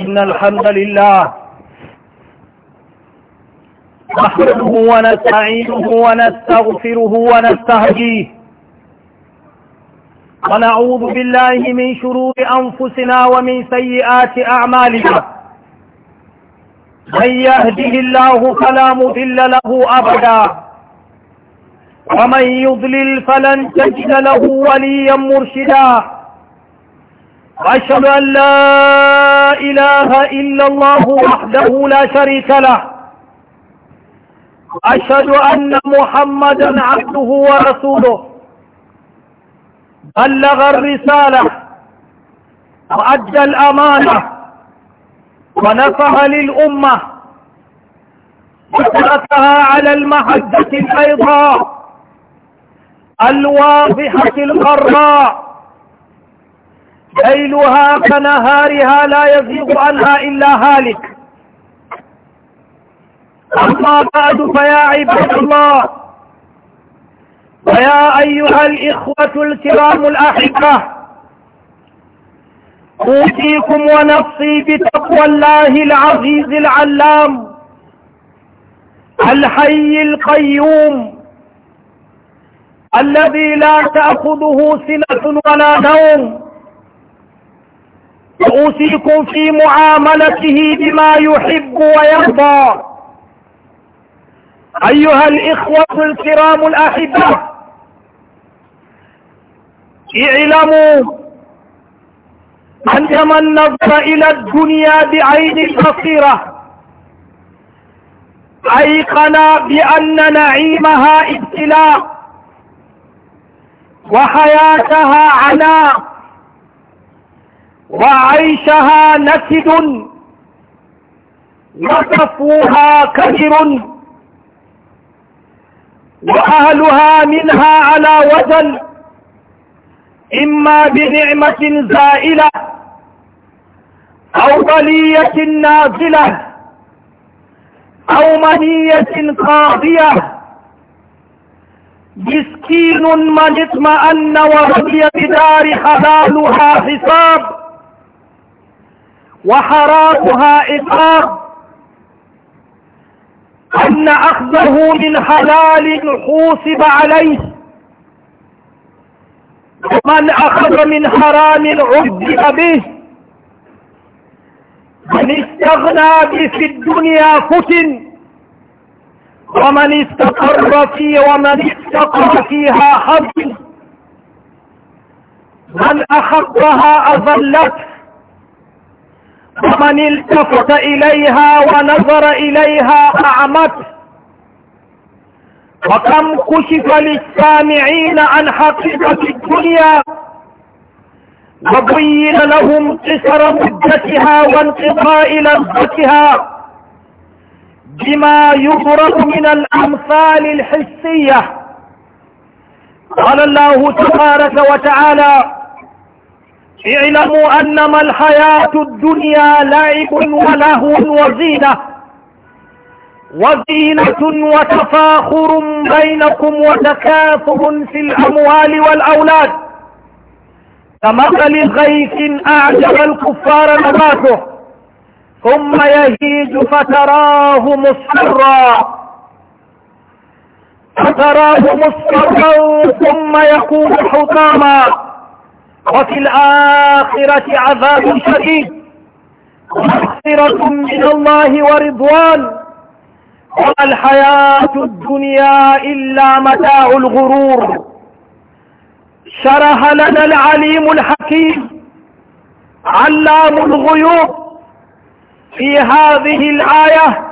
إن الحمد لله نحمده ونستعينه ونستغفره ونستهديه ونعوذ بالله من شرور أنفسنا ومن سيئات أعمالنا من يهده الله فلا مضل له أبدا ومن يضلل فلن تجد له وليا مرشدا وأشهد أن لا إله إلا الله وحده لا شريك له اشهد أن محمدا عبده ورسوله بلغ الرسالة وأدى الأمانة ونفع للأمة وتركها على المحجة البيضاء الواضحة القراء ليلها كنهارها لا يزيغ عنها إلا هالك أما بعد فيا عباد الله ويا أيها الإخوة الكرام الأحبة أوصيكم ونفسي بتقوى الله العزيز العلام الحي القيوم الذي لا تأخذه سنة ولا نوم وأوصيكم في معاملته بما يحب ويرضى أيها الإخوة الكرام الأحبة اعلموا أن من نظر إلى الدنيا بعين البصيرة أيقن بأن نعيمها ابتلاء وحياتها عناء وعيشها نكد وصفوها كثر وأهلها منها على وزن إما بنعمة زائلة أو بلية نازلة أو منية قاضية مسكين من اطمأن ورضي بدار حلالها حساب وحرامها إفاق أن أخذه من حلال حوصب عليه ومن أخذ من حرام عذب به من استغنى به في الدنيا فتن ومن استقر في ومن استقر فيها حظ من أخذها أظلته فمن التفت إليها ونظر إليها أعمته وكم كشف للسامعين عن حقيقة الدنيا وبين لهم قصر مدتها وانقضاء لذتها بما يفرق من الأمثال الحسية قال الله تبارك وتعالى اعلموا أنما الحياة الدنيا لعب ولهو وزينة وزينة وتفاخر بينكم وتكاثر في الأموال والأولاد كمثل غيث أعجب الكفار نباته ثم يهيج فتراه مصفرا فتراه مصفرا ثم يكون حطاما وفي الآخرة عذاب شديد مغفرة من الله ورضوان وما الحياة الدنيا إلا متاع الغرور شرح لنا العليم الحكيم علام الغيوب في هذه الآية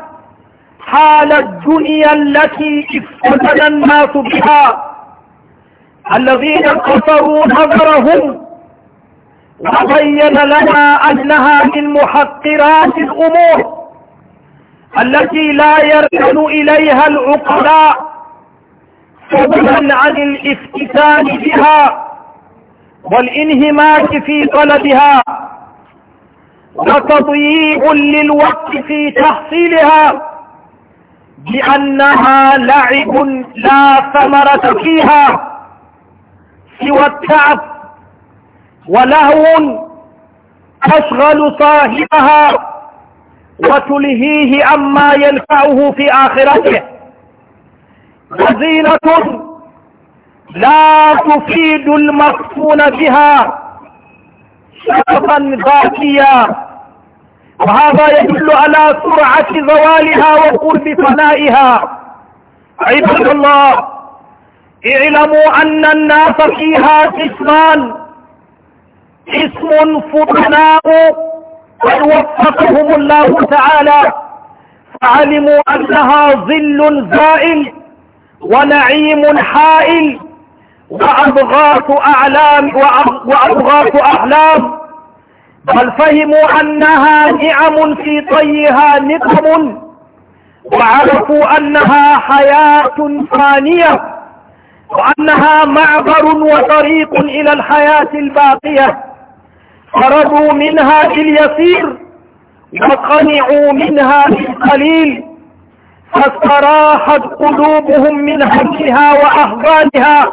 حال الدنيا التي افتتن الناس بها الذين كفروا نظرهم وبين لنا أنها من محقرات الأمور التي لا يركن إليها العقلاء فضلا عن الافتتان بها والانهماك في طلبها وتضييع للوقت في تحصيلها بأنها لعب لا ثمرة فيها سوى التعب ولهو تشغل صاحبها وتلهيه عما ينفعه في آخرته وزينة لا تفيد المقصون بها شرفا ذاتيا وهذا يدل على سرعة زوالها وقرب فنائها عباد الله اعلموا أن الناس فيها قسمان اسم فضلاء قد وفقهم الله تعالى فعلموا أنها ظل زائل ونعيم حائل وأبغاث أعلام وأبغاث أحلام بل فهموا أنها نعم في طيها نقم وعرفوا أنها حياة فانية وأنها معبر وطريق إلى الحياة الباقية شربوا منها باليسير وقنعوا منها بالقليل فاستراحت قلوبهم من حقها وأهوالها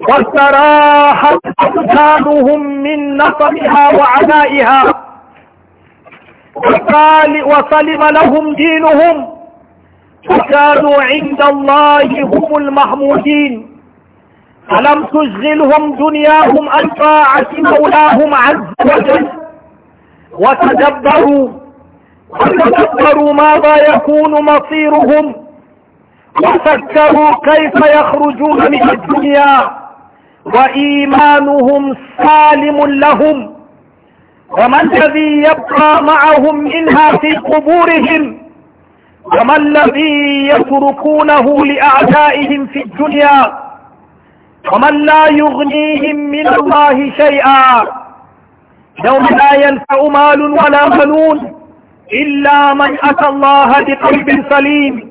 واستراحت اقدامهم من نصبها وعنائها وسلم لهم دينهم وكانوا عند الله هم المحمودين ألم تشغلهم دنياهم عن طاعة مولاهم عز وجل وتدبروا وتدبروا ماذا يكون مصيرهم وفكروا كيف يخرجون من الدنيا وإيمانهم سالم لهم وما الذي يبقى معهم منها في قبورهم وما الذي يتركونه لأعدائهم في الدنيا ومن لا يغنيهم من الله شيئا يوم لا ينفع مال ولا بنون إلا من أتى الله بقلب سليم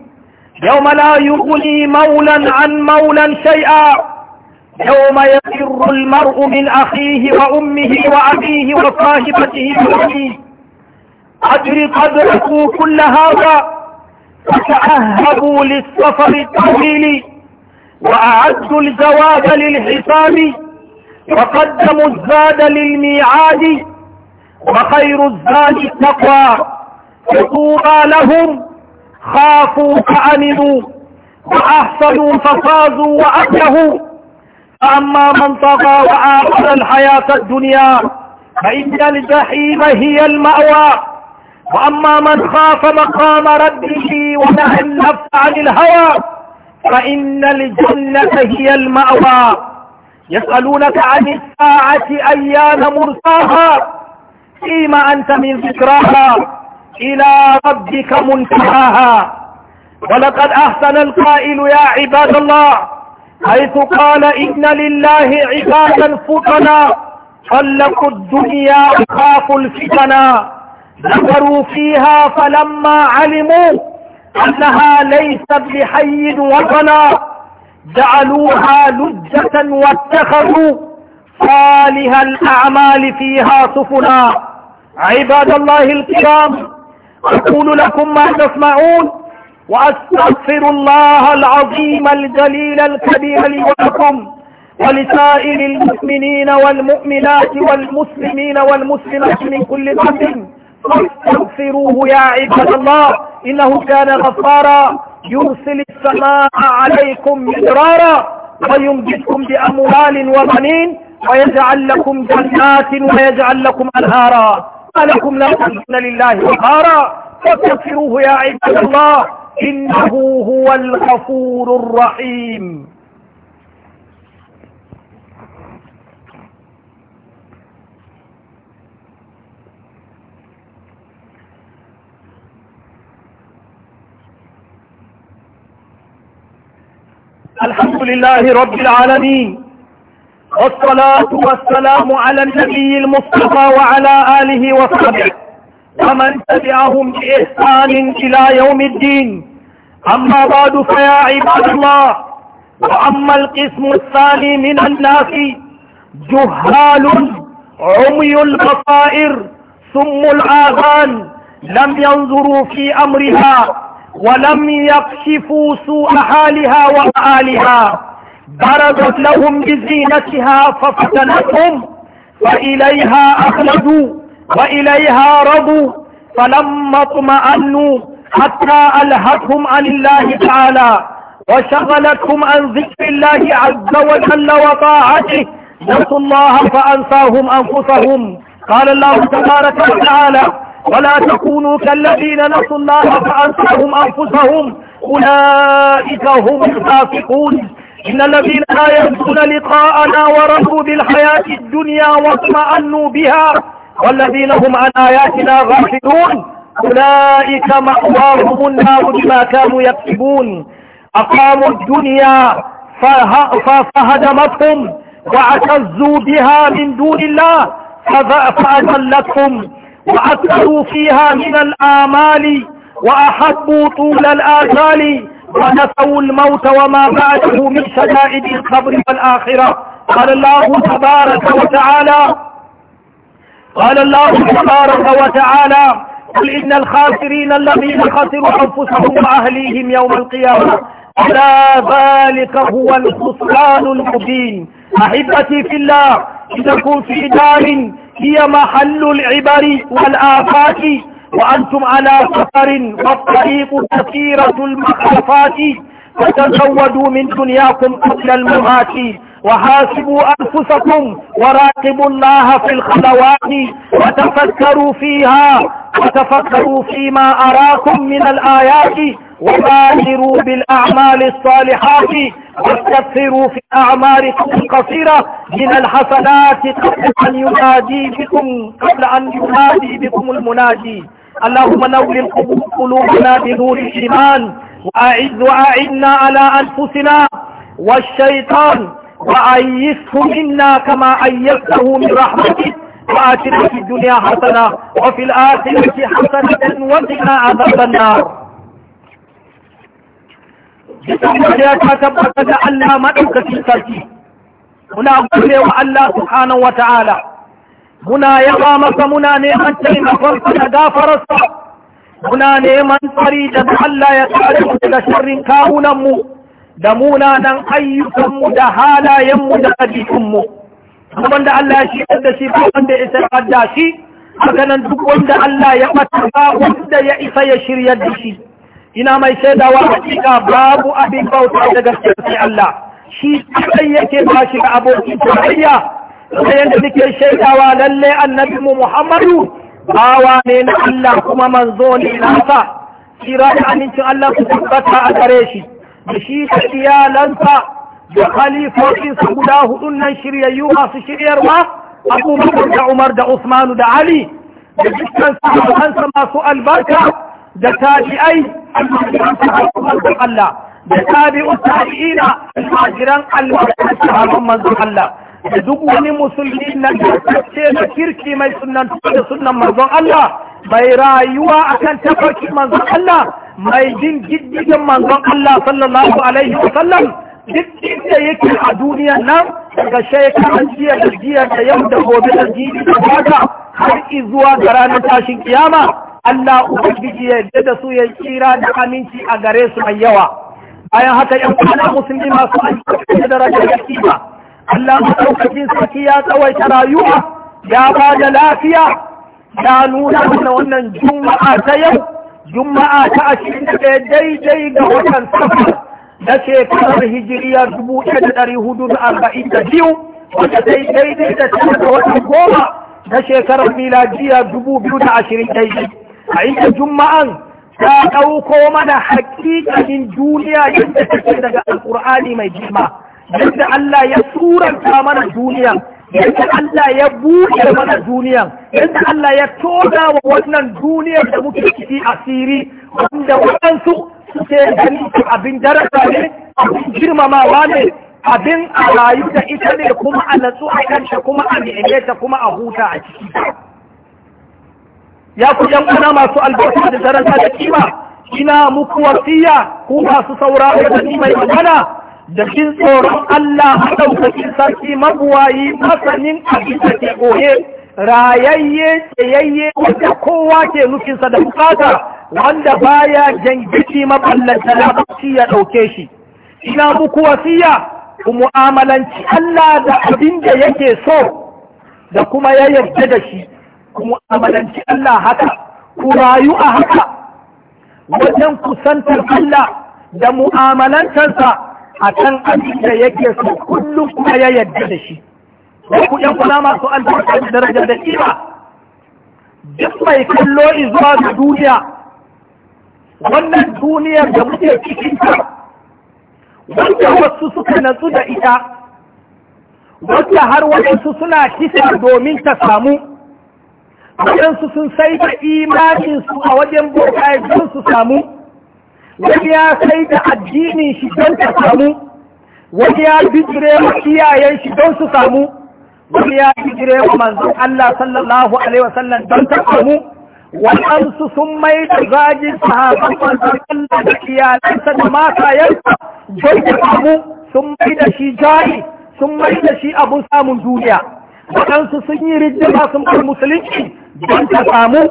يوم لا يغني مولا عن مولا شيئا يوم يفر المرء من أخيه وأمه وأبيه وصاحبته وأبيه أدري قد كل هذا فتأهبوا للسفر الطويل وأعدوا الجواب للحساب وقدموا الزاد للميعاد وخير الزاد التقوى فطوبى لهم خافوا فأمنوا وأحسنوا فصازوا وأكلهوا فأما من طغى وآخر الحياة الدنيا فإن الجحيم هي المأوى وأما من خاف مقام ربه ونهى النفس عن الهوى فإن الجنة هي المأوى يسألونك عن الساعة أيان مرساها فيما أنت من ذكراها إلى ربك منتهاها ولقد أحسن القائل يا عباد الله حيث قال إن لله عبادا فطنا خلقوا الدنيا خافوا الفتنا ذكروا فيها فلما علموا أنها ليست بحي وطنا جعلوها لجة واتخذوا صالح الأعمال فيها سفنا عباد الله الكرام أقول لكم ما تسمعون وأستغفر الله العظيم الجليل الكبير لي ولكم ولسائر المؤمنين والمؤمنات والمسلمين والمسلمات من كل ذنب استغفروه يا عباد الله إنه كان غفارا يرسل السماء عليكم مدرارا ويمددكم بأموال وبنين ويجعل لكم جنات ويجعل لكم أنهارا ولكم لا تنسون لله وقارا فاستغفروه يا عباد الله إنه هو الغفور الرحيم الحمد لله رب العالمين والصلاة والسلام على النبي المصطفى وعلى آله وصحبه ومن تبعهم بإحسان إلى يوم الدين أما بعد فيا عباد الله وأما القسم الثاني من الناس جهال عمي البصائر سم الآذان لم ينظروا في أمرها ولم يكشفوا سوء حالها ومآلها بردت لهم بزينتها ففتنتهم فإليها أخلدوا وإليها رضوا فلما اطمأنوا حتى ألهتهم عن الله تعالى وشغلتهم عن ذكر الله عز وجل وطاعته نسوا الله فأنساهم أنفسهم قال الله تبارك وتعالى ولا تكونوا كالذين نسوا الله فأنساهم أنفسهم أولئك هم الفاسقون إن الذين لا يرجون لقاءنا ورضوا بالحياة الدنيا واطمأنوا بها والذين هم عن آياتنا غافلون أولئك مأواهم النار بما كانوا يكسبون أقاموا الدنيا فهدمتهم وعتزوا بها من دون الله فأذلتهم فأكثروا فيها من الآمال وأحبوا طول الآجال ونفوا الموت وما بعده من شدائد القبر والآخرة قال الله تبارك وتعالى قال الله تبارك وتعالى قل إن الخاسرين الذين خسروا أنفسهم وأهليهم يوم القيامة ألا ذلك هو الخسران المبين أحبتي في الله إنكم في دار هي محل العبر والآفات وأنتم على سفر والطريق كثيرة المخافات وتزودوا من دنياكم قبل الممات وحاسبوا أنفسكم وراقبوا الله في الخلوات وتفكروا فيها وتفكروا فيما أراكم من الآيات وبادروا بالأعمال الصالحات واستكثروا في أعماركم القصيرة من الحسنات قبل أن ينادي بكم قبل أن ينادي بكم المنادي اللهم نور قلوبنا بنور الإيمان وأعذ وأعنا على أنفسنا والشيطان وأيسه منا كما أيسته من رحمتك وآتنا في الدنيا حسنة وفي الآخرة حسنة وقنا عذاب النار ya ta tabbata da Allah maɗaukacin sarki, muna gode wa Allah subhanahu wa ta'ala. muna yaba masa muna neman taimakonsa da gafararsa muna neman tsari da Allah ya kare mu daga sharrin kawunanmu da munanan ayyukanmu da halayenmu da kuma wanda Allah ya shi da shi ba wanda ya isa adda shi haka nan duk wanda Allah ya ɓata ba wanda ya isa ya shirya da shi ina mai shaidawa hakika babu abin bauta da gaskiya sai Allah shi kadai yake ba shi da abokin tarayya kuma yadda nake shaidawa lalle annabi mu Muhammadu bawa ne na Allah kuma manzo ne nasa kira da amincin Allah ku tabbata a gare shi da shi da iyalansa da khalifofinsa guda hudun nan shiryayyu masu shiryarwa abubakar da umar da usmanu da ali da dukkan sahabansa masu albarka da tabi'ai Allah da tabi'u tabi'ina almajiran albarkar sahaban manzon Allah da duk wani musulmi na gaske da kirki mai sunan da sunan manzon Allah mai rayuwa akan tafarki manzon Allah mai jin diddigin manzon Allah sallallahu alaihi wa sallam duk inda yake a duniya nan daga shekaran jiya da jiya da yau da gobe da jiya da haka har zuwa ga ranar tashin kiyama Allah ubangiji ya yarda da su ya kira da aminci a gare su mai yawa bayan haka yan kwana musulmi masu aiki da darajar kima Allah maɗaukakin sarki ya tsawaita rayuwa ya ba da lafiya ya nuna mana wannan juma'a ta yau juma'a ta ashirin da ɗaya daidai ga watan safar na shekarar hijiriya dubu ɗaya da ɗari hudu da arba'in da biyu wata daidai da tara da watan goma na shekarar miladiya dubu biyu da ashirin daidai a inda juma'an ta ɗauko mana hakikanin duniya yadda take daga alƙur'ani mai jima yadda Allah ya suranta mana duniya yadda Allah ya buɗe mana duniya yadda Allah ya toda wa wannan duniyar da muke ciki asiri wanda waɗansu suke gani abin daraja ne abin girmamawa ne abin a rayu da ita ne kuma a natsu a kanta kuma a neme ta kuma a huta a ciki ya ku yan kuna masu albarka da daraja da kima ina muku wasiya ku masu sauraro da ni mai magana da shi tsoron Allah maɗaukakin sarki mabuwayi masanin abin da ke goye rayayye tsayayye wanda kowa ke nufinsa da bukata wanda baya jangiti maballanta labarci ya ɗauke shi ina muku wasiya ku mu'amalanci Allah da abin da yake so da kuma ya yarda da shi ku mu'amalanci Allah haka ku rayu a haka wajen kusantar Allah da mu'amalantarsa a kan abin da yake su kullum kuma ya yarda da shi da ku ɗan kula masu albarka da daraja da ƙima duk mai kallo zuwa ga duniya wannan duniyar da muke cikin ta wanda wasu suka natsu da ita wanda har waɗansu suna kisa domin ta samu waɗansu sun sai da su a wajen bokaye su samu wani ya sai da addinin shi don ta samu wani ya bijire wa iyayen shi don su samu wani ya bijire wa manzon Allah sallallahu alaihi wasallam don ta samu waɗansu sun mai da zagin sahaban manzon Allah da iyalansa da matayensa don ta samu sun mai da shi jari sun mai da shi abun samun duniya waɗansu sun yi rijima sun bar musulunci don ta samu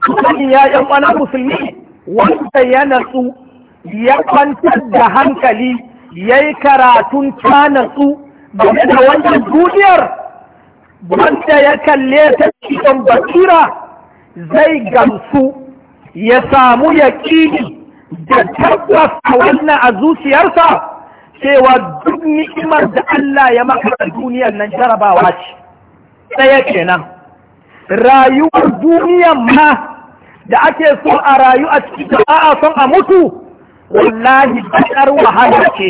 kusan ya yan musulunci. wanda ya natsu ya kwantar da hankali ya yi karatun ta natsu game da wannan duniyar wanda ya kalle ta cikin basira zai gamsu ya samu yaƙini da tabbas a wannan a zuciyarsa cewa duk ni'imar da Allah ya maka a duniyar nan jarabawa ce ɗaya kenan rayuwar duniyar ma da ake so a rayu a cikin da a son a mutu wallahi bakar wahala ce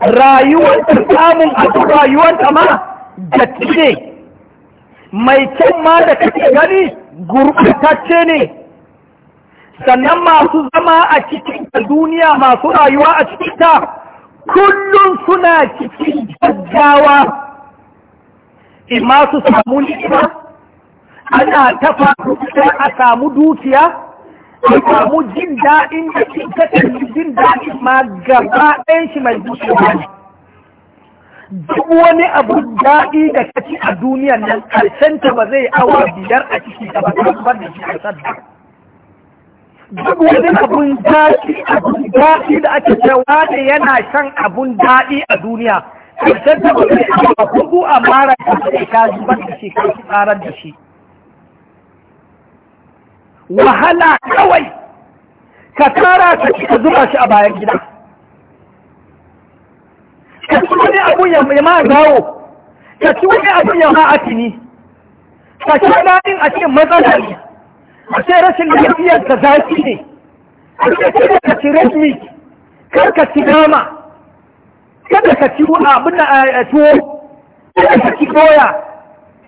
rayuwar ta samun a rayuwar ta ma mai kyan da kake gani gurbatacce ne sannan masu zama a cikin duniya masu rayuwa a cikin kullum suna cikin gaggawa in ma su samu ana tafa sai a samu dukiya a samu jin daɗin da cikin jin daɗin ma gaba ɗayan shi mai dukiya ne duk wani abu daɗi da kaci a duniyan nan ta ba zai awa biyar a ciki da ba kamar da shi a sadda duk wani abun daɗi abun daɗi da ake cewa da yana shan abun daɗi a duniya ta ba zai awa hudu a mara da shi ka zubar da shi ka tsarar da shi wahala kawai ka tara ka ka zuba shi a bayan gida ka ci wani abu ya ma gawo ka ci wani abu ya ma atini ka ci daɗin a cikin matsalar. a ce rashin lafiyar ka zafi ne a ce kada ka ci rasmi, kar ka ci nama kada ka ci abin da eh, eh, tuwo kada ka ci doya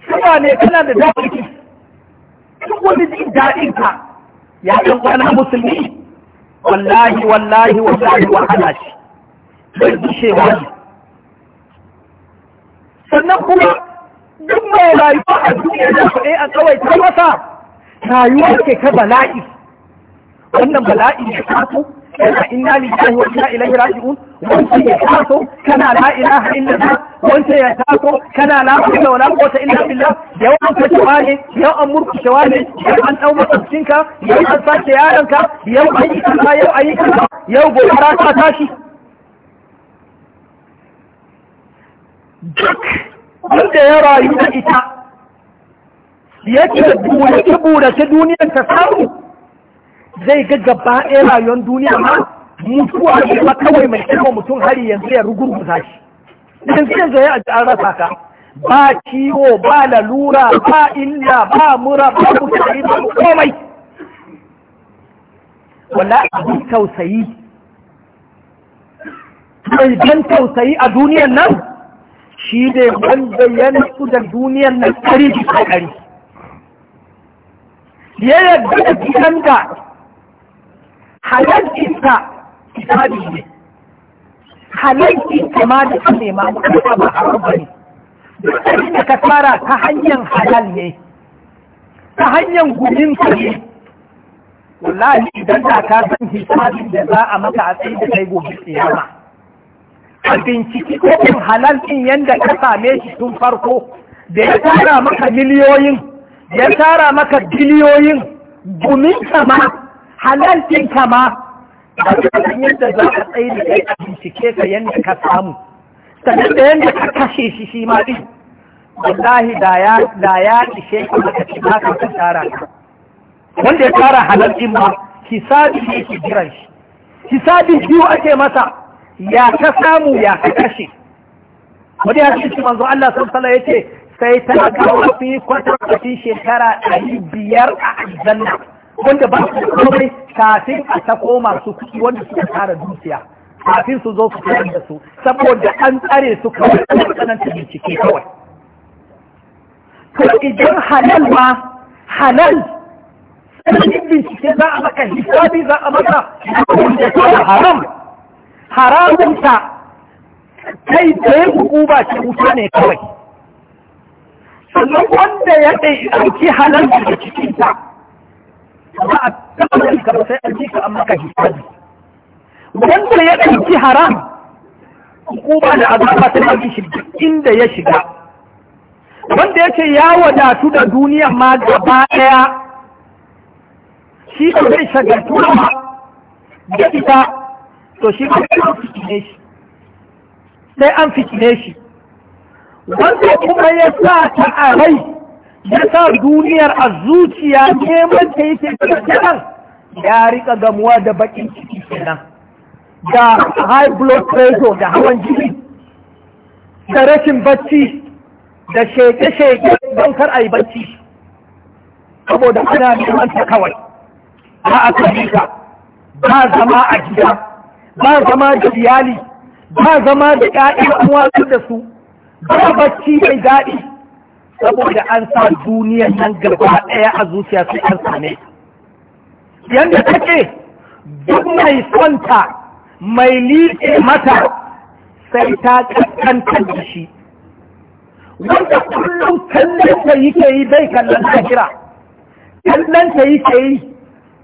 suna ne kana da daɗi duk wani daɗin ka ya ɗan kwana musulmi wallahi wallahi wallahi wahala ce bai gushewa ne sannan kuma duk mai rayuwa a duniya da kuɗi a kawai ta masa rayuwa ke ka bala'i wannan bala'i ne ya taso yana inna lillahi wa inna ilaihi raji'un wanda ya taso kana la ilaha illallah wanda ya taso kana la hawla wala quwwata illa billah yau an kace wani yau an murkushe wani yau an dau makwabcinka yau an sace yaranka yau an yi kaza yau an yau ta tashi duk wanda ya rayu ita yake burace ta duniyar ta samu zai ga gaba ɗaya rayuwar duniya ma mutuwa ne kawai mai kama mutum hari yanzu ya rugurguza shi yanzu yanzu ya an rasa ka ba ciwo ba lalura ba illa ba mura ba mutane ba komai wala abin tausayi ɗan tausayi a duniyan nan shi ne wanda ya nutsu da duniyan nan ƙari da ƙari ya yarda da jikanka halarcinsa kitabi ne halalci kama da ka nema kuma ba a ba ne da ka tsara ta hanyar halal ne ta hanyar gudun ka ne wallahi idan da ka san hisabin da za a maka a tsaye da kai gobe tsayama a binciki kofin halal ɗin yadda ka same shi tun farko da ya tara maka miliyoyin ya tara maka biliyoyin gumin kama halal ɗin kama wajen yadda za a tsaye da kai a bincike ka yadda ka samu sannan da yadda ka kashe shi shi ma din wallahi da ya da ka maka ci ba ka tara wanda ya tara halal ma ki hisabi shi ki jiran shi ki hisabi biyu ake masa ya ka samu ya ka kashe wani ya ce manzo Allah sallallahu alaihi yace sai ta kawo fi kwata shekara ɗari biyar a aljanna wanda ba su da kafin a koma su kuɗi wanda suka tara dukiya kafin su zo su kayar da su saboda an tsare su kawai a tsananta bincike kawai to idan halal ma halal tsananin bincike za a maka hisabi za a maka haram haramunta kai tsaye hukuma ce wuta ne kawai sannan wanda ya ɗauki halal da cikinta ba a taɓa ka ba sai an ji ka an maka hisabi wanda ya ɗauki haram hukuma da azaba ta ɗauki shi inda ya shiga wanda ya ce ya wadatu da duniya ma gaba ɗaya shi ka zai shagaltu ba da ita to shi ka sai an fitine shi sai an fitine shi wanda kuma ya sa ta a rai ya sa duniyar a zuciya neman ta yake kenan ya rika gamuwa da bakin ciki kenan da high blood pressure da hawan jini da rashin bacci da sheke-sheke don kar a yi bacci saboda ana neman ta kawai ba a kabila ba zama a gida ba zama da iyali ba zama da ƴaƴan uwa da su ba bacci mai daɗi saboda an sa duniyar nan gaba ɗaya a zuciya sai an same yadda take duk mai sonta mai liƙe mata sai ta kankantar da shi wanda kullum kallon ta yake yi bai kallon lahira kallon ta yake yi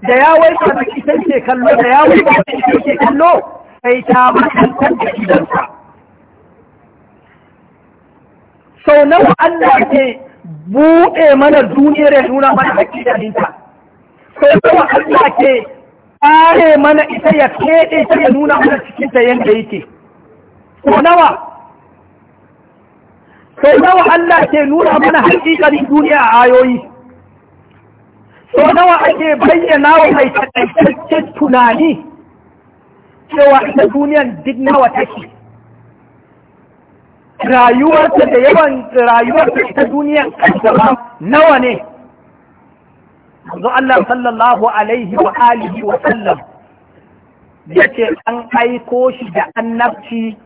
da ya wai ba da ita ke kallo da ya wai ba da ita ke kallo sai ta makantar da gidansa sau nawa Allah ke buɗe mana duniyar ya nuna mana hakidaninta sau nawa Allah ke ƙare mana ita ya keɗe ta ya nuna mana cikinta yadda yake sau nawa sau nawa Allah ke nuna mana hakikanin duniya a ayoyi sau nawa ake bayyana wa mai taƙaitaccen tunani cewa ita duniyan duk nawa take rayuwarsa da yawan rayuwarsa ta duniyan kansa nawa ne manzo Allah sallallahu alaihi wa alihi wa sallam ce an aiko shi da annabci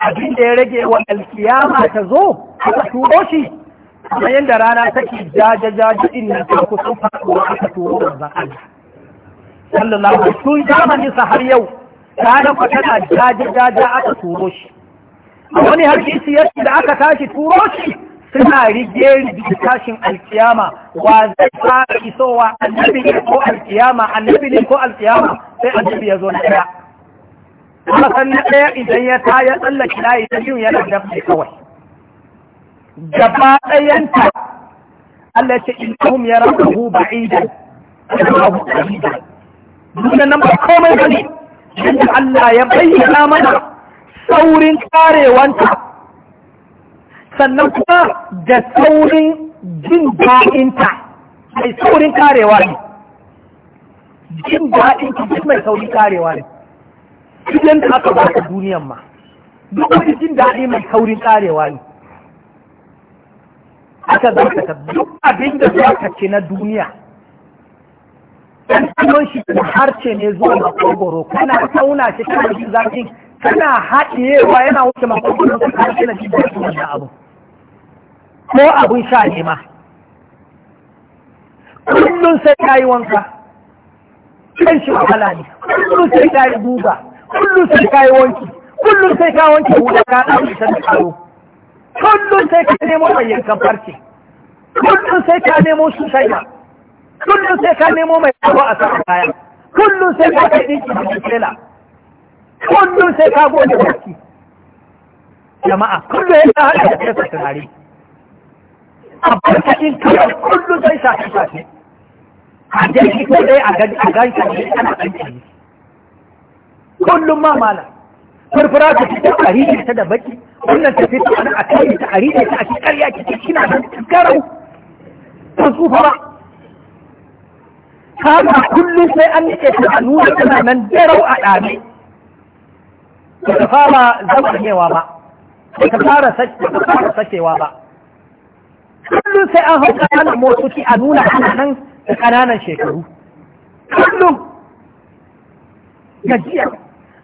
abin da ya rage wa alkiyama ta zo aka turo shi kamar yadda rana take jaja jaja din nan ta kusan faɗuwa aka turo manzon Allah sallallahu alaihi wa sallam tun zamanin sa har yau rana ko na jaja jaja aka turo shi wani hadisi ya da aka tashi turo shi suna rige rige tashin alkiyama wa zai fara isowa annabi ne ko alkiyama annabi ne ko alkiyama sai annabi ya zo na ɗaya kasan na ɗaya idan ya ta ya tsallake layi ta biyun yana dafe kawai gaba ɗayanta Allah ce innahum yarawnahu ba'idan yarawu qariban dunan nan ba komai bane yadda Allah ya bayyana mana saurin karewanta sannan kuma da saurin jin da'inta mai saurin karewa ne jin da'inta duk mai saurin karewa ne idan ta aka ba duniyan ma duk wani jin daɗi mai saurin karewa ne aka za ka duk abin da za ka ce na duniya ɗan kanon shi da harce ne zuwa makogoro kana tauna shi kana jin zafin kana haɗiyewa yana wuce makwakwalwar ka kan kila shi da wannan abu ko abun sha ne ma kullum sai ta yi wanka kan shi wahala ne kullum sai ta yi guga kullum sai ta yi wanki kullum sai ka wanke wuta ka ɗauki ta tsaro kullum sai ka nemo mai yankan farce kullum sai ka nemo su shanya kullum sai ka nemo mai tsaro a sa kaya kullum sai ka kai ɗinki da tela kullum sai ka goge baki jama'a kullum ya ta hada da kasa tunare a barkaɗin kawai kullum sai shafi shafi a jirgi ko dai a ta ne ana ɗan shafi kullum ma mala farfara ta fito a rike ta da baki wannan ta fito ana a kai ta a rike ta a shi karya ki kina da garau ta tsufa ba kama kullum sai an rike ta a nuna tana nan garau a ɗame ba fara zamanewa ba ba fara sakewa ba kullum sai an hau ƙananan motoci a nuna hannun nan da ƙananan shekaru kullum gajiya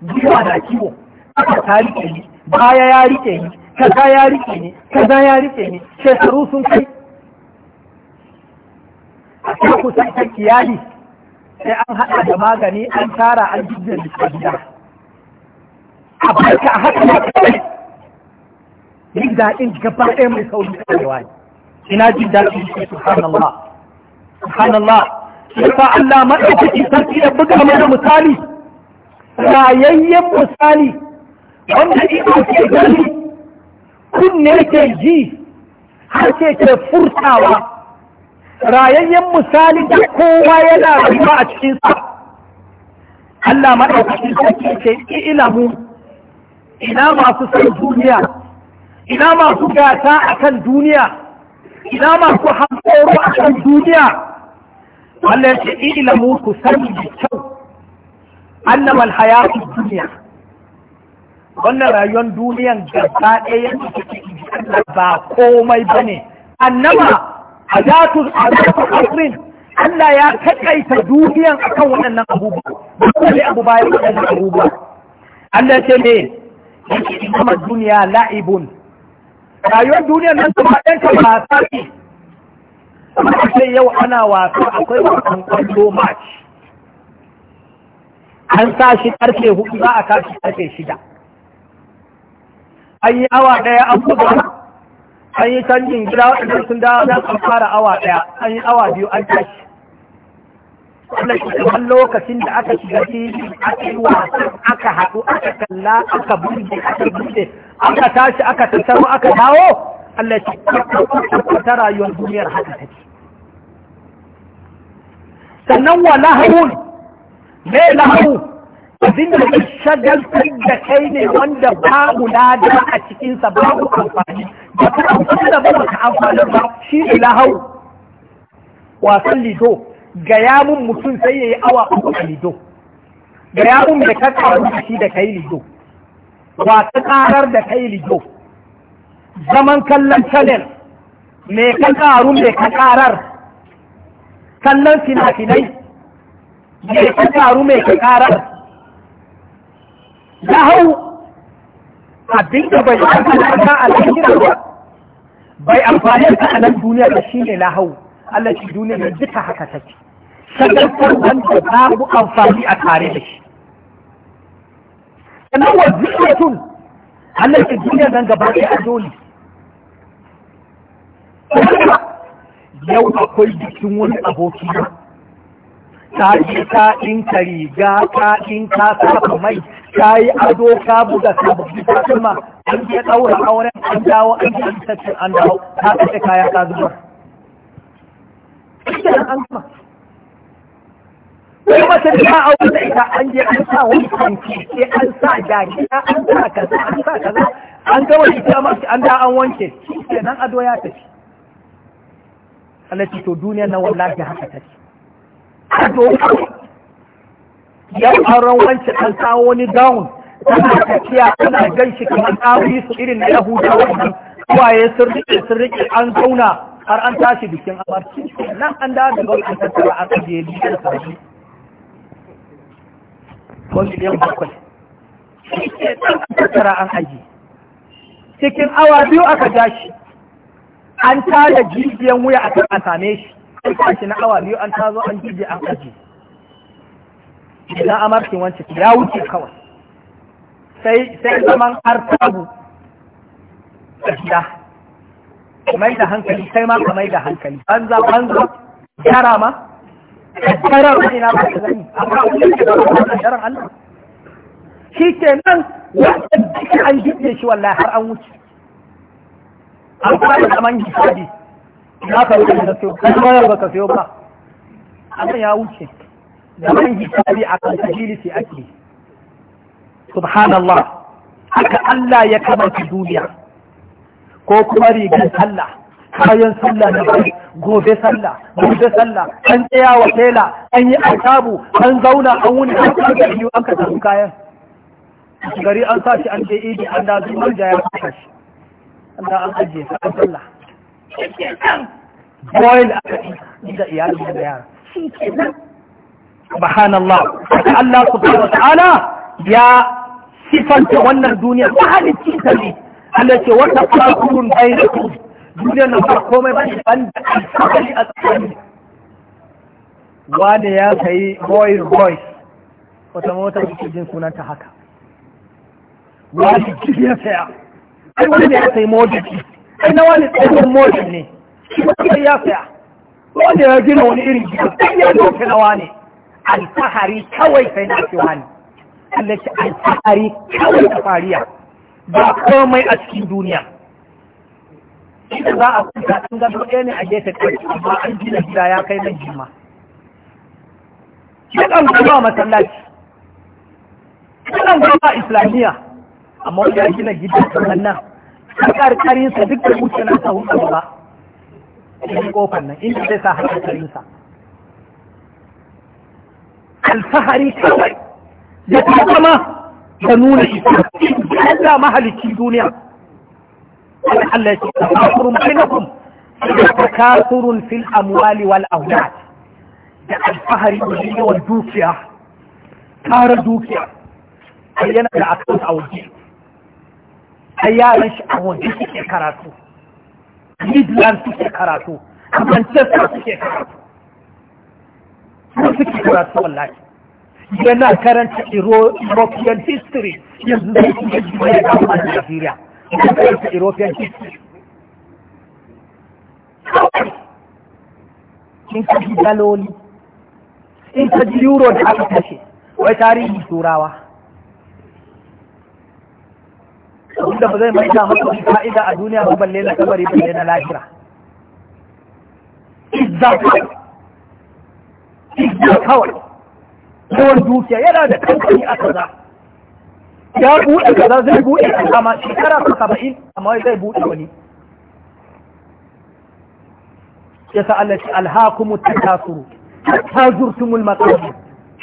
jiwa da kiwo aka ta rike ni baya ya rike ni kaza ya rike ni kaza ya rike ni shekaru sun kai a kusa ta kiyali sai an haɗa da magani an tara an jijjiyar da gida a barka a haka ma kai jin daɗin gaba ɗaya mai sauri karewa ne ina jin daɗin shi subhanallah subhanallah yasa Allah madaukaki sarki ya buga mana misali rayayyen misali wanda ido ke gani kunne ke ji har ke ke furtawa rayayyen misali da kowa yana rayuwa a cikinsa Allah maɗaukaki sarki ce ilamu ina masu san duniya ina masu gata a kan duniya ina masu hankoro a kan duniya Wannan ya ce ilamu ku sani da kyau annama alhayatu duniya wannan rayuwar duniyan gaba ɗaya yanzu take Allah ba komai bane annama hayatu asrin Allah ya takaita duniyan akan waɗannan abubuwa ba kuma abu bayan waɗannan abubuwa Allah ya ce ne kuma duniya la'ibun rayuwar duniyar nan kuma ɗan ka wasa ne kuma sai yau ana wasa akwai wasan kwallo match an sa shi karfe hudu za a kashi karfe shida an yi awa ɗaya an buga an yi canjin gida waɗanda sun dawo za su fara awa ɗaya an yi awa biyu an tashi wannan wani lokacin da aka shiga fili aka yi wasan aka haɗu aka kalla aka burge aka burge aka tashi aka tattaro aka dawo Allah ce ta rayuwar duniyar haka take sannan wa lahawun me lahawu abin da ya shagaltar da kai ne wanda babu lada a cikinsa babu amfani ba ku amfani da ba ka amfani ba shi ne lahawu wasan lido gaya mun mutum sai ya yi awa uku a lido gaya mun da ka karu shi da kai lido wa ta karar da kai lido zaman kallon channel me ka karu me ka karar kallon fina-finai me ka karu me ka karar lahau abin da bai amfani ka a ba bai amfani da a duniya da shi ne lahau Allah shi duniya da duka haka take shagaltar wanda babu amfani a tare da shi sannan wa zikratun Allah shi duniya nan gaba ɗaya a dole yau akwai bikin wani aboki ta ji ka ɗinka riga ka ka saka mai ta yi ado ka buga sababbi ta kuma an ke ɗaura auren an dawo an ji an an dawo ta kashe kaya ka zubar ita nan an kama sai mace da a wuce ita an je an sa wani kanki sai an sa jagira an sa kaza an sa kaza an gama ita mace an da an wanke sai nan ado ya tafi Allah ce to duniyar nan wallahi haka tafi. ado yau an ran wancan an kawo wani gown tana tafiya tana gan shi kamar ɗawi su irin na yahudawa wannan, kawaye sun rike sun rike an zauna har an tashi bikin amarci nan an da da gwamnati ta tara a kan jeli da sashi ko ɗin bakwai tattara an aji cikin awa biyu aka tashi an tada jijiyan wuya a kan a same shi an tashi na awa biyu an tazo an jijiya an aji idan amarcin wancan ya wuce kawai sai zaman har a gida mai da hankali sai ma ka mai da hankali an za an za yara ma yara ma ina ba ta zani amma wani ke da wannan yaran Allah shi ke nan wanda duka an gidje shi wallahi har an wuce an fara zaman hisabi na ka wuce da so kan ba. baka so ba amma ya wuce zaman hisabi a kan tajilisi ake subhanallah haka Allah ya kamata duniya ko kuma rigar sallah kayan sallah na bai gobe sallah gobe sallah an tsaya wa tela an yi alkabu an zauna an wuni an kaga biyu an ka samu kayan gari an sa shi an je idi an da zuwa da ya kasa shi an da an ajiye sa an sallah boil aka ci da iyalin da yara shi kenan subhanallah Allah subhanahu wa ta'ala ya sifanta wannan duniya ta halicci ta ne Allah ce wata fakurun bayan da ku duniyar na ba komai ba shi ban da alfahari a tsakani wanda ya sayi boy boy wata mota da jin ta haka wani jiri ya saya ai wani ya sayi mota ai na wani tsohon mota ne shi wani ya saya wani ya gina wani irin gida sai ya dauke na wani alfahari kawai sai na ce wani Allah ce alfahari kawai ta fariya ba komai a cikin duniya ita za a kuka sun gado ɗaya ne a gefe kai amma an gina gida ya kai na jima yakan kuma masallaci yakan kuma islamiyya amma wani ya gina gida kamar nan a sa duk da wuce na sahun ba cikin kofar nan inda zai sa hankalinsa alfahari kawai da kuma ta nuna isa Allah mahalicin duniya Allah ya ce tafakurun bainakum takasurun fil amwali wal aulad da alfahari da yawan dukiya tara dukiya ai da akan a waje ai yaran shi a waje suke karatu midland suke karatu a manchester suke karatu suke karatu wallahi yana karanta european history yanzu da yake yanzu da ya kama a nigeria yana karanta european history in ka ji daloli in ka ji euro da aka kashe wai tarihi turawa wanda ba zai mai ta maka fa'ida a duniya ba balle na kabari balle na lahira izza kawai yawan dukiya yana da kamfani a kaza ya buɗe kaza zai buɗe kaza ma shekara ta saba'in amma zai buɗe wani ya sa Allah shi alhakumu takasuru hatta zurtumul maqabir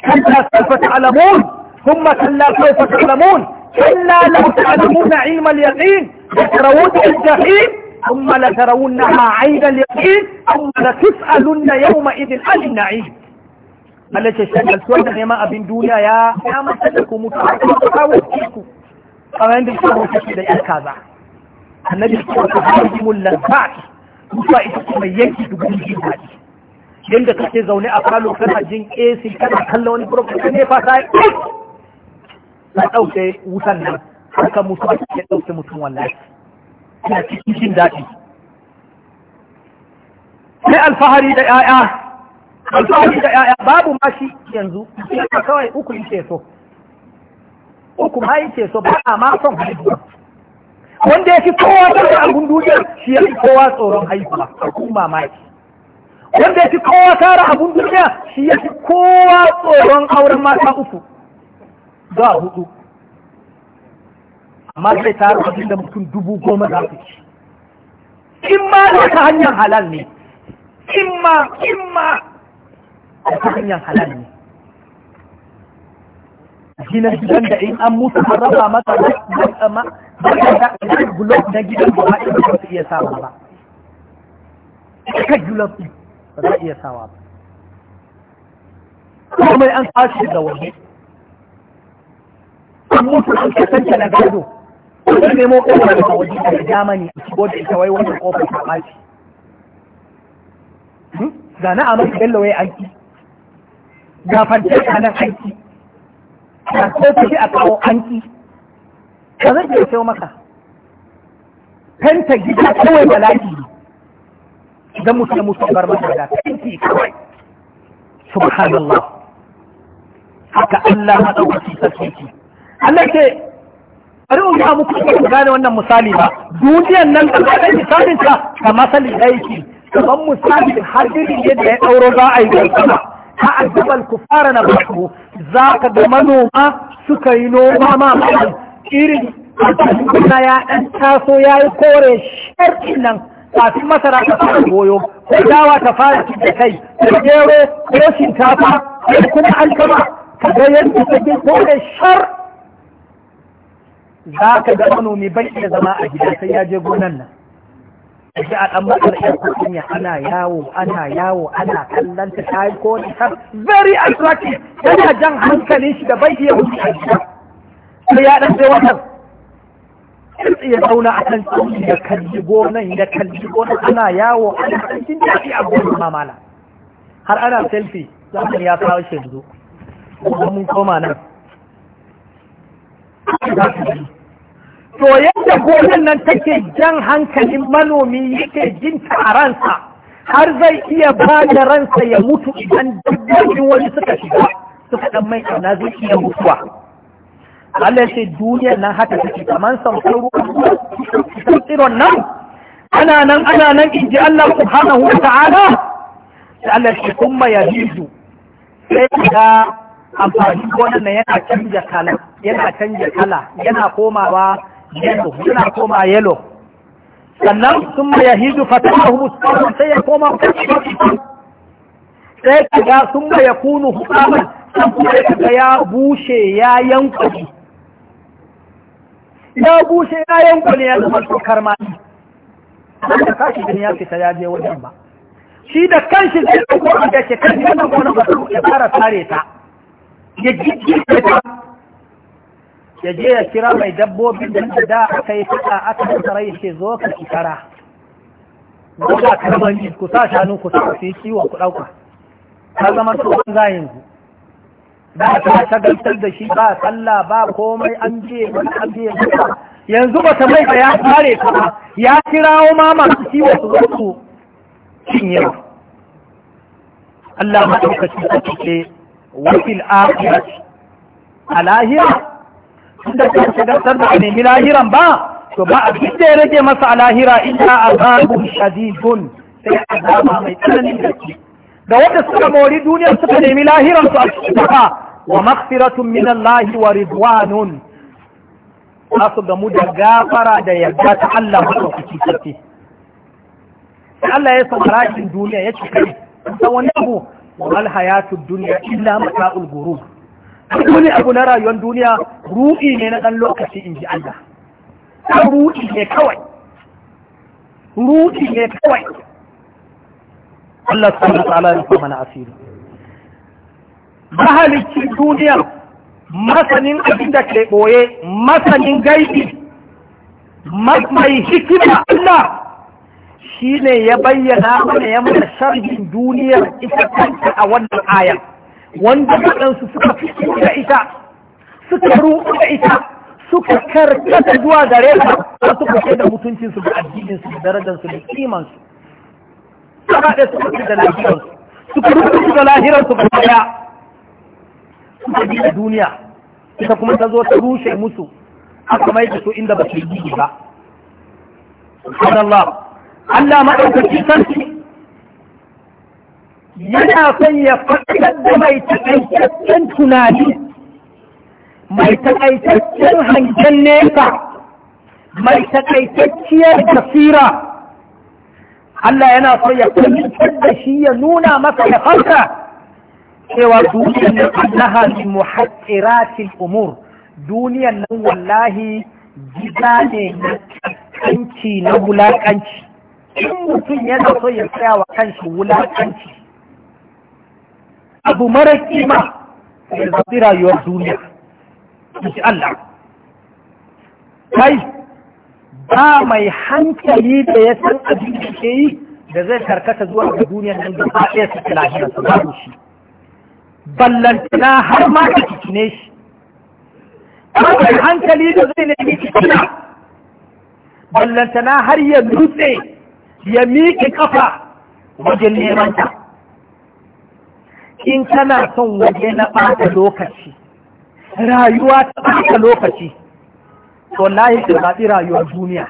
kalla sawfa ta'lamun thumma kalla sawfa ta'lamun kalla law ta'lamuna 'ilma al-yaqin tarawun al-jahim ثم لترونها عين اليقين ثم لتسألن يومئذ عن النعيم Allah ce shagaltuwar da neman abin duniya ya ya masa da ku mutu a kawo ku kamar yadda shi mutu shi da yan kaza annabi ce wata hajjimul lantar mutuwa ita ce mai yanki dubu jin daɗi yadda kake zaune a falo kana jin AC kana kallon wani program ne fa sai ka ɗauke wutan nan haka mutuwa ake ɗauke mutum wallahi Ya ina cikin jin daɗi sai alfahari da 'ya'ya da yaya babu ma shi yanzu ya kawai uku yake so uku ma yake so ba a ma son haihuwa wanda ya fi kowa son da abun duniya shi ya fi kowa tsoron haihuwa a kuma mamaki wanda ya fi kowa tara abun duniya shi ya fi kowa tsoron auren mata uku za hudu amma sai tara abin da mutum dubu goma za su ci in ma ta hanyar halal ne in ma in ma da ta hanyar halal ne gina gidan da in an mutu an raba masa da da ta gulab na gidan da ba ba su iya sawa ba kan gulab ba za iya sawa ba komai an tashi da waje an mutu an kasance na gado kuma nemo kofar da waje daga jamani a shigo da ita wai wannan kofar ta ɓaci hmm? ga a masu bello ya yi aiki. ga fantar a nan aiki ka ko kuɗi a kawo anki ka zai iya kyau maka fenta gida kawai bala'i ne idan mutum ya mutu bar masa da fenti kawai subhanallah haka Allah ma ɗaukaki sarki ki Allah ke bari in ga muku ku gane wannan misali ba duniyan nan da kai misalin ta kamar misali yake. kamar misali har ne yadda ya ɗauro za a yi da ha azabal kufara na baku za ka ga manoma suka yi noma ma irin na ya ɗan taso ya yi kore sharɗin nan kafin masara ta fara goyo ko dawa ta fara da kai ko gero ko shinkafa ko kuma alkama ka ga yadda take kore shar za ka ga manomi bai iya zama a gida sai ya je gonan nan da a ɗan matsar ‘yan kuɗin ya ana yawo ana yawo ana kallon ta ta yi ko ta very attractive yana jan hankalin shi da bai iya wuce a sai ya ɗan sai ya zauna a kan tsohon ya kalli gonan ya kalli gonan ana yawo ana cikin a gonan mamala har ana selfie zaman ya kawo shi yanzu kuma mun koma nan to yadda gonan nan take jan hankalin manomi yake jin a ransa har zai iya ba da ransa ya mutu idan dabbobin wani suka shiga suka dan mai ina zai iya mutuwa Allah ce duniyar nan haka take kamar saukar ruwan tsiron nan ana nan ana nan in ji Allah subhanahu wata'ala ta'ala da Allah ce kuma ya hizu sai ga amfani gonan nan yana canja kala yana canja kala yana komawa yelo suna koma yellow sannan sun ma yahidu fatahu musamman sai ya koma sai ka ga sun ma ya kunu hukaman sun kuma ka ga ya bushe ya yankwani ya bushe ya yankwani ya zama tokar sun da kashi gani ya fita ya je wajen ba shi da kanshi zai ɗauko a gashe kan yana gona ba ya fara tare ta ya jijjiyar ta ya je ya kira mai dabbobin da da aka yi fita aka tsara ya ce zo ka kitara zo ka karban ku sa shanu ku sa su yi kiwon ku ɗauka ta zama tsohon zayin ku da ta shagaltar da shi ba sallah ba komai an je wani an je yanzu ba ta mai ya kare ka ba ya kirawo ma masu kiwo su zo su cinye Allah ma ɗaukaci ta ce wakil akiyar a lahira tunda ka shagaltar da nemi lahiran ba to ba abin da ya rage masa a lahira illa azabun shadidun sai azaba mai da shi. da wanda suka mori duniyar suka nemi lahiran su a cikin ta wa maghfiratun min Allah wa ridwanun za su mu da gafara da yarda ta Allah maɗaukaki sarki sai Allah ya san rashin duniya ya ci kai san wani abu wa al hayatud dunya illa mata'ul ghurur wani abu na rayuwar duniya ruɗi ne na ɗan lokaci in ji Allah ta ruɗi ne kawai ruɗi ne kawai Allah subhanahu wa ta'ala rufa mana asiri mahalicci duniyar masanin abin da ke ɓoye masanin gaibi mai hikima Allah shi ne ya bayyana mana ya mana sharhin duniyar ita kanta a wannan ayar wanda waɗansu suka fito da ita suka ruɗu da ita suka karkata zuwa gare ta da suka kai da mutuncinsu da addininsu da darajarsu da kimansu suka da suka da lahirarsu suka rubuta da lahirarsu ga daya suka ji da duniya ita kuma ta zo ta rushe musu aka mai da su inda ba su yi ba Allah Allah maɗaukaki sarki yana son ya faɗa da mai taƙaitaccen tunani mai taƙaitaccen hangen nesa mai taƙaitacciyar basira Allah yana so ya fahimtar da shi ya nuna masa ya farka cewa duniyar nan annaha min muhaqqiratil umur duniyar nan wallahi gida ne na kanci na wulakanci in mutum yana so ya tsaya wa kanshi wulakanci abu mara kima ya zafi rayuwar duniya shi Allah kai ba mai hankali da ya san abin da ke yi da zai karkata zuwa ga duniya nan da ba ɗaya su lahira su babu shi ballantana har ma ka cikine shi ba mai hankali da zai nemi cikina ballantana har ya nutse ya miƙe kafa wajen neman ta in kana son waje na ɓata lokaci rayuwa ta ɓata lokaci to na yi zaɓi rayuwar duniya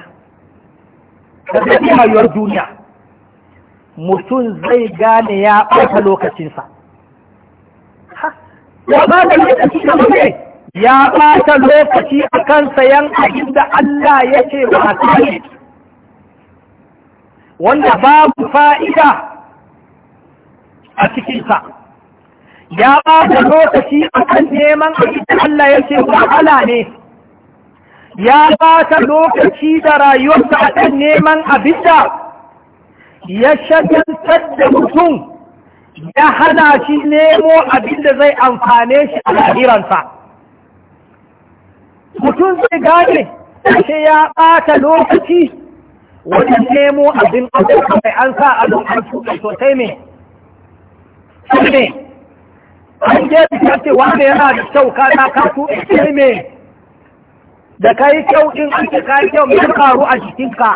ka zaɓi rayuwar duniya mutum zai gane ya ɓata lokacinsa ya ɓata lokaci kamar ne ya ɓata lokaci a kan sayan abin da Allah ya ce ba a wanda babu fa'ida a cikinsa ya ɓata lokaci a kan neman abin Allah ya ce wahala ne ya ɓata lokaci da rayuwarsa a kan neman abin ya shagantar da mutum ya hana shi nemo abin da zai amfane shi a lahiransa mutum zai gane ashe ya ɓata lokaci wajen nemo abin abubuwa mai an sa abin an shuɗe sosai ne an je ka ce wanda yana da kyau ka na kasu su ilimi da ka yi kyau in an ce ka yi kyau mai karu a jikinka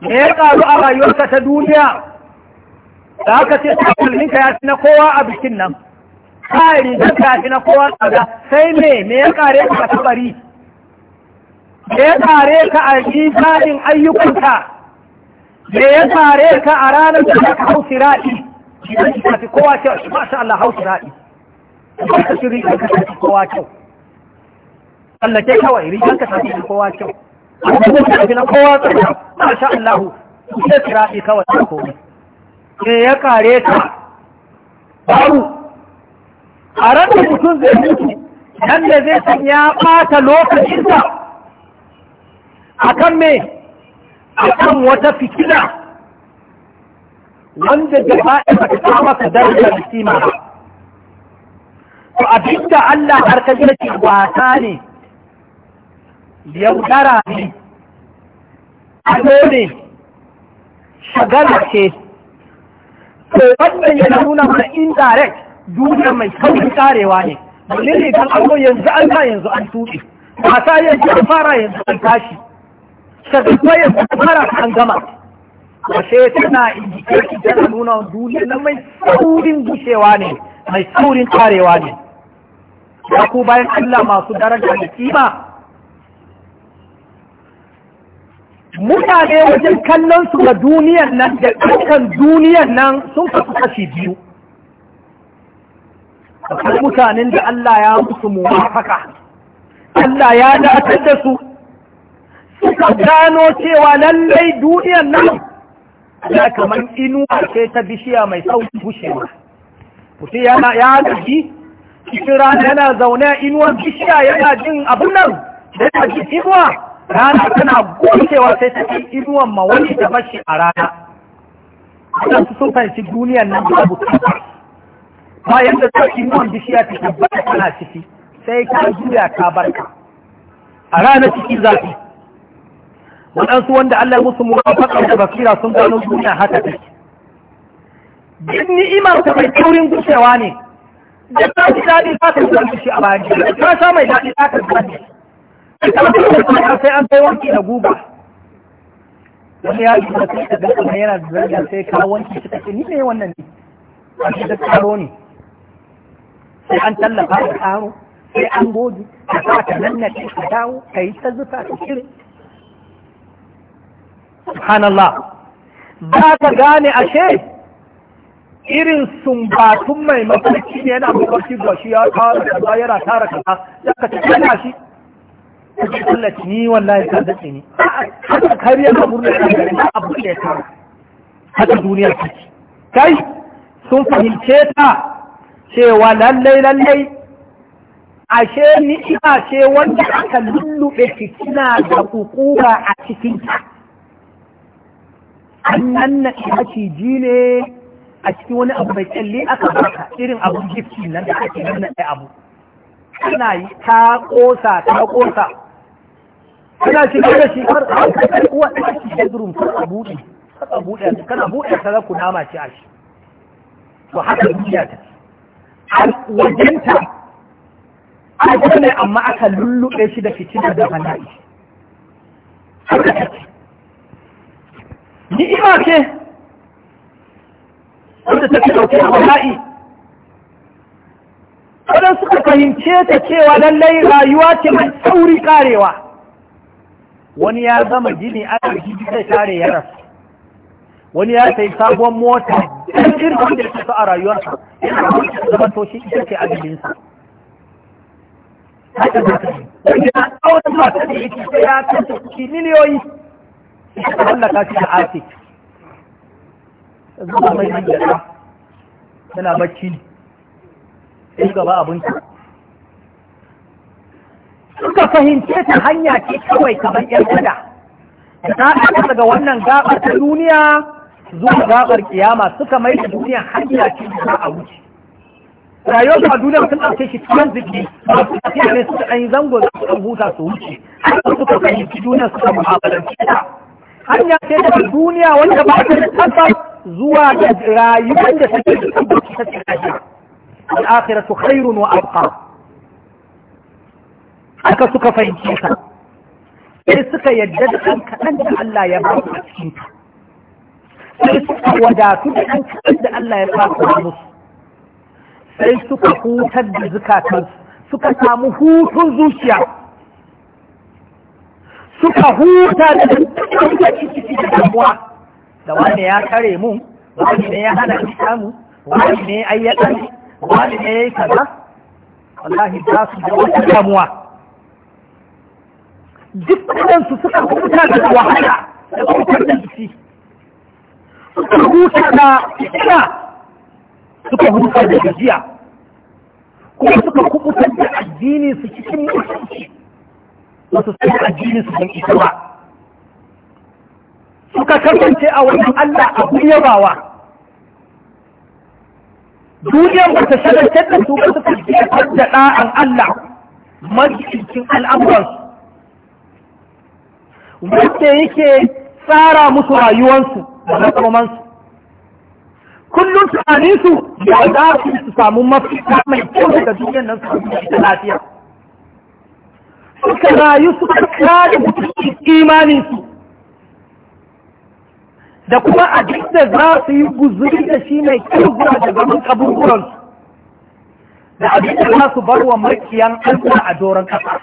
me ya karu a rayuwarka ta duniya da aka ce takalminka ya fi na kowa a bikin nan kari da ka fi na kowa tsada sai me me ya kare ka tabari me ya kare ka a jisarin ayyukanka me ya kare ka a ranar da ka hau sirati idan ki tafi kowa kyau shi masha Allah hau ra'i ba ka shiri ka tafi kowa kyau tsallake kawai rigan ka tafi kowa kyau abubuwan da tafi na kowa tsallake masha Allah sai tsirafi kawai ta komai me eh, ya kare ta? babu a ranar mutum zai mutu nan da zai san ya ɓata lokacinsa a kan me a kan wata fitila wanda jama'a ba ta maka da kima ba to abinda Allah har ka gina ke wasa ne yaudara ne ado ne shagala ce to wannan yana nuna mana indirect duniya mai saurin karewa ne domin ne kan ado yanzu an ka yanzu an tuɗe wasa yanzu an fara yanzu an tashi shagaltuwa yanzu an fara an gama sai tana indikati tana nuna duniya na mai saurin gushewa ne mai saurin tarewa ne ya ku bayan Allah masu daraja da kima mutane wajen kallon su ga duniyan nan da dukkan duniyan nan sun kasu kashi biyu akwai mutanen da Allah ya musu muwafaka Allah ya dakatar da su suka gano cewa lallai duniyan nan ya kamar inuwa ce ta bishiya mai tsawon bushewa kusi yana ya gaji cikin rana yana zaune inuwar bishiya yana jin abin nan ya ji inuwa rana tana gushewa sai ta kai inuwan ma wani da bashi a rana su sun fahimci duniyan nan babu Ba bayan da ta inuwar bishiya ta tabbata tana ciki sai ka juya ka barka a rana ciki zafi waɗansu wanda Allah ya musu faɗa da basira sun gano duniya haka take duk ni'imar ta mai taurin gushewa ne da ta ji daɗi za ta zama shi a bayan da ta sha mai daɗi za ta zama sai an kai wanki da guba wani ya ji da sai da gaba yana da zarga sai kawo wanki shi kace ni ne wannan ne a shi da karo ne sai an tallafa da karo sai an gode ka sa ka nannace ka dawo ka yi ta zufa ka cire subhanallah za ka gane ashe irin sumbatun mai mafarki ne yana mafarki da shi ya tara kaza yana tara kaza Ya ka tana shi kaji tallaci ni wallahi ka dace ni haka kariya ka murna ka gari na abu da ya tara haka duniya take kai sun fahimce ta cewa lallai lallai ashe ni ina ce wanda aka lullube fitina da hukuma a cikin ta an nan na maciji ne a cikin wani abu mai kyalle aka baka irin abu gifti nan da ake nan ɗaya abu kana yi ta ƙosa ta ƙosa kana shi da shi har a kan uwa ɗaya shi da durum kar a buɗe kar a buɗe kana buɗe ta ku nama ce a shi to haka duniya ta a wajenta a ne amma aka lulluɓe shi da fitina da bala'i haka take ni'ima ce wanda take ɗauke da bala'i wadanda suka fahimce ta cewa lallai rayuwa ce mai sauri karewa wani ya zama gini ana gidi zai tare ya rasu wani ya sai sabon mota ɗan girgin da ya a rayuwarsa yana zama to ita ce ajibinsa haka da ta yi wani ya tsawon mata da ya ce ya kanta miliyoyi ita hallaka shi da arctic zuwa mai hanyar yana bacci ne sai gaba abinci suka fahimce ta hanya ce kawai kamar yan gada ta ɗaga daga wannan gabar ta duniya zuwa gabar kiyama suka mai da duniya hanya ce da za a wuce rayuwar a duniya sun ɗauke shi cikin zikin, ba su tafiya ne suka ɗan yi zango da su ɗan huta su wuce suka fahimci duniya suka mu'amalanci ta hanya ce ta duniya wanda ba ta da tabbas zuwa da rayuwar da take da tabbas ta tsaya al-akhiratu khairun wa abqa haka suka fahimci ka sai suka yadda da ɗan kaɗan da Allah ya ba su a cikin ta sai suka wadatu da ɗan kaɗan da Allah ya ba su musu sai suka hutar da zukatansu suka samu hutun zuciya suka huta da damuwa da wani ya kare mu wani ne ya hana ni samu wani ne ya yi kare wani ne ya yi kaza wallahi za su da wata damuwa Duk su suka huta da wahala da kwakwar da ciki, suka huta da fitina suka huta da gajiya kuma suka kubuta da addini su cikin mutunci ba su a addinin su ita ba suka kasance a wani Allah abin yabawa duniyar ba ta shagaltar da su ba su a da ɗa'an Allah majalikin al'amuransu wanda yake tsara musu rayuwansu da makomansu kullum tunaninsu ya za su samu mafita mai kyau da duniyar nan su da lafiya suka rayu suka kare imanin su da kuma a duk da za su yi guzuri da shi mai kirgura da gaban kaburburansu da duk da za su bar wa makiyan Allah a doron ƙasa.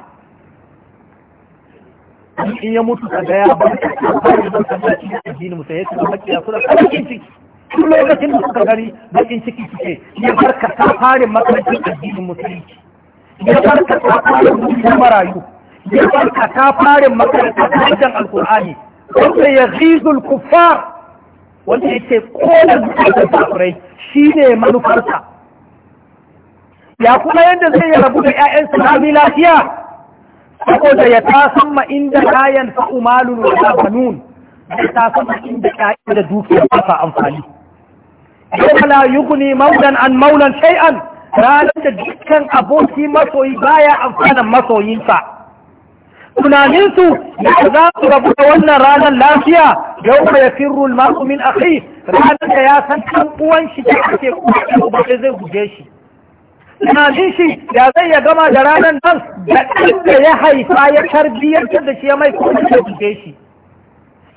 In ya mutu ka ga ya bar addini musa ya tuka makiya su da bakin ciki. Tun lokacin da suka gani bakin ciki suke ya barka ta fara makarantar addinin musulunci. ya farka tsafarin marayu makaranta ta hajjan alkur'ani wanda ya ghizul kuffar wanda yake kona zuciyar kafirai shi ne manufarsa ya kuma yadda zai ya rabu da 'ya'yansa sami lafiya saboda ya tasan ma inda kayan fa umalun wa banun ya tasan ma inda ƴaƴan da dukiyar ba amfani yau la yughni maulan an maulan shay'an ranar da dukkan aboki masoyi baya amfanin masoyinsa tunaninsu ya za su rabu da wannan ranar lafiya yau ya firru masu min akhi ranar da ya san ɗan uwan shi da ake kuma uba zai guje shi tunanin shi da zai ya gama da ranar nan da ɗan da ya haifa ya tarbiyyar da shi ya mai kuma ya guje shi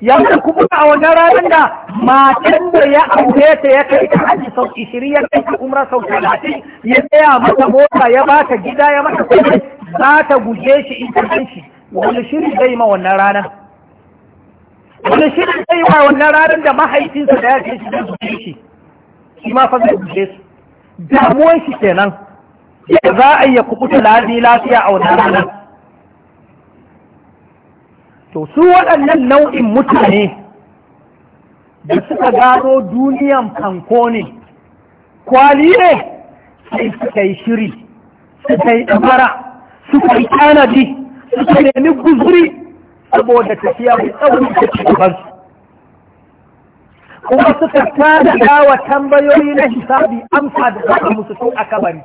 yanzu kuma a wajen ranar da matan da ya aure ta ya kai ta hajji sau ishirin ya kai ta umra sau talatin ya tsaya mata mota ya ba ta gida ya mata kuɗi za ta guje shi in ta shi wani shiri zai ma wannan ranar wani shiri zai ma wannan ranar da mahaifinsa da ya ce shi zai guje shi shi ma fa zai guje su damuwan shi kenan za a ya kuɓuta lafiya a wannan ranar to su waɗannan nau'in mutane da suka gano duniyan fanko ne kwali ne sai suka yi shiri suka yi ɗamara suka yi tanadi suka nemi guzuri saboda tafiya mai tsawon da cikinsu kuma suka tada dawa tambayoyi na hisabi amsa da za musu tun a bari,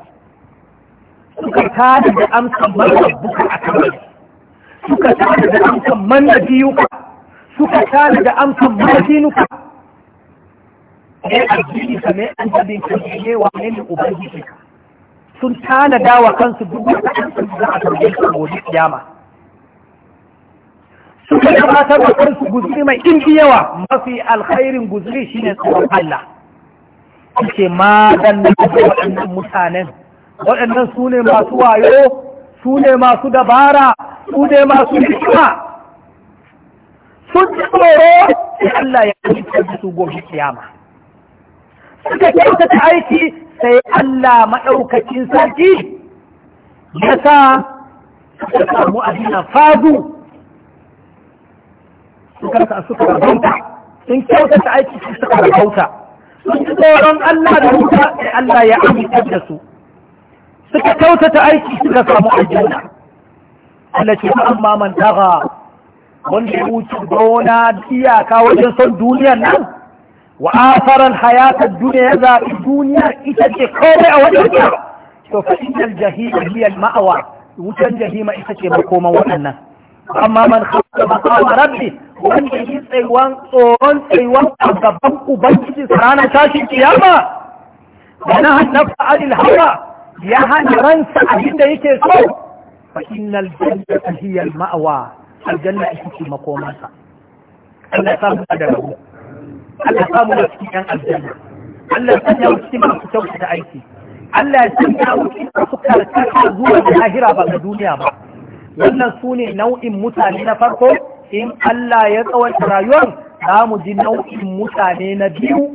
suka tada da amsa mara buka aka bari. suka tare da amsan manna biyuka suka tare da amsan majinuka ne addini ka ne an tabin ka ne wa ne ne ubangiji ka sun tana dawa kansu duk da amsan da za a tambaye su gobe kiyama suka gabatar da kansu guzuri mai ɗinki yawa mafi alkhairin guzuri shine tsawon Allah ce ma dan da waɗannan mutanen waɗannan su ne masu wayo su ne masu dabara su ne masu hikima sun ji tsoro sai Allah ya halitta da su gobe kiyama suka kyautata aiki sai Allah maɗaukacin sarki ya sa suka samu abin fagu suka sa suka rabauta sun kyautata aiki su suka rabauta sun ji tsoron Allah da wuta sai Allah ya amince da su suka kyautata aiki suka samu aljanna التي أما من تغى من يوتي دونا ديا كوجن صن دنيا نعم وآثر الحياة الدنيا إذا الدنيا إذا تكرع وجنها تو فإن الجهيم هي المأوى وجن جهيم إذا تبقوم وأنا أما من خلق مقام ربي وان يجيب سيوان صوران سيوان أغبب أبنجي سرانا شاشي كياما ونهى النفع للهوى يهى نرنس أهيد يكي صوت fa innal jannata hiya al ma'wa aljanna ita ce makomansa Allah ya samu da rabu Allah ya samu da cikin aljanna Allah ya sanya mu cikin masu da aiki Allah ya sanya mu cikin masu karkata zuwa da lahira ba ga duniya ba wannan su ne nau'in mutane na farko in Allah ya tsawaita rayuwar za mu ji nau'in mutane na biyu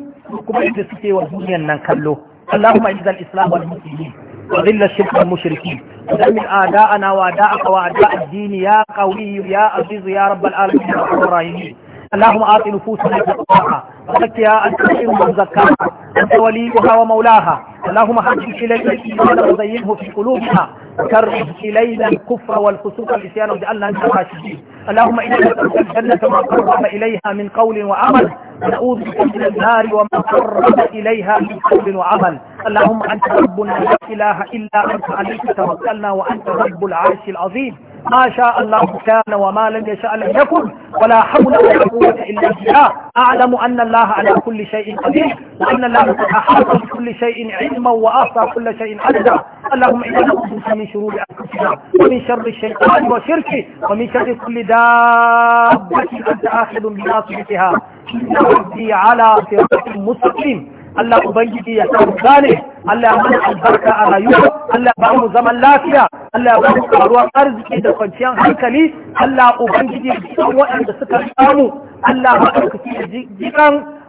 kuma inda suke wa duniyan nan kallo Allahumma izal islam wal muslimin وذل الشرك المشركين ودمر اعداءنا واعداءك واعداء الدين يا قوي يا عزيز يا رب العالمين يا رب الراحمين اللهم آت نفوسنا تقواها وزكها أنت خير من زكاها أنت وليها ومولاها اللهم حبب إلينا الإيمان وزينه في قلوبنا وكره إلينا الكفر والفسوق والإسيان وجعلنا أنت الراشدين اللهم إنا نسألك الجنة ما قرب إليها من قول وعمل ونعوذ بك من النار وما قرب إليها من قول وعمل اللهم أنت ربنا لا إله إلا أنت عليك توكلنا وأنت رب العرش العظيم ما شاء الله كان وما لم يشاء لم يكن ولا حول ولا قوة إلا بالله أعلم أن الله على كل شيء قدير وأن الله قد أحاط بكل شيء علما وأعطى كل شيء عددا اللهم إنا نعوذ من شرور أنفسنا ومن شر الشيطان وشركه ومن شر كل دابة أنت آخذ بناصيتها إن ربي على صراط مستقيم الله أبيدي يا سلام Allah ya mana albarka a rayuwa Allah ba mu zaman lafiya Allah ba mu karuwar arziki da kwanciyar hankali Allah ubangiji da waɗanda suka samu Allah ba ɗaukaki da jikan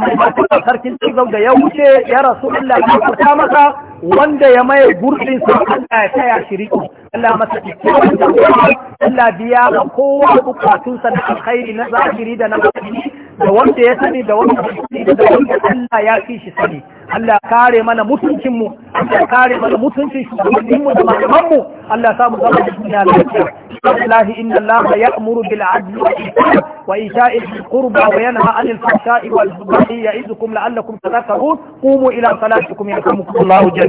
mai matuƙa sarkin cigab da ya wuce ya rasu Allah ya kuta masa wanda ya maye gurbin sa Allah ya taya shiriki Allah masa ikon da Allah biya ga kowa bukatun sa na alkhairi na zahiri da na batini da wanda ya sani da wanda ya sani da wanda Allah ya fi shi sani Allah kare mana mutuncin mu Allah kare mana mutuncin shugabannin mu da malaman mu Allah samu zama da duniya lafiya wallahi inna Allah ya'muru bil adli wa ihsan wa ita'i al qurba wa yanha 'anil fahsha'i wal والصبح يعدكم لعلكم تذكرون قوموا إلى صلاتكم يرحمكم الله جميعا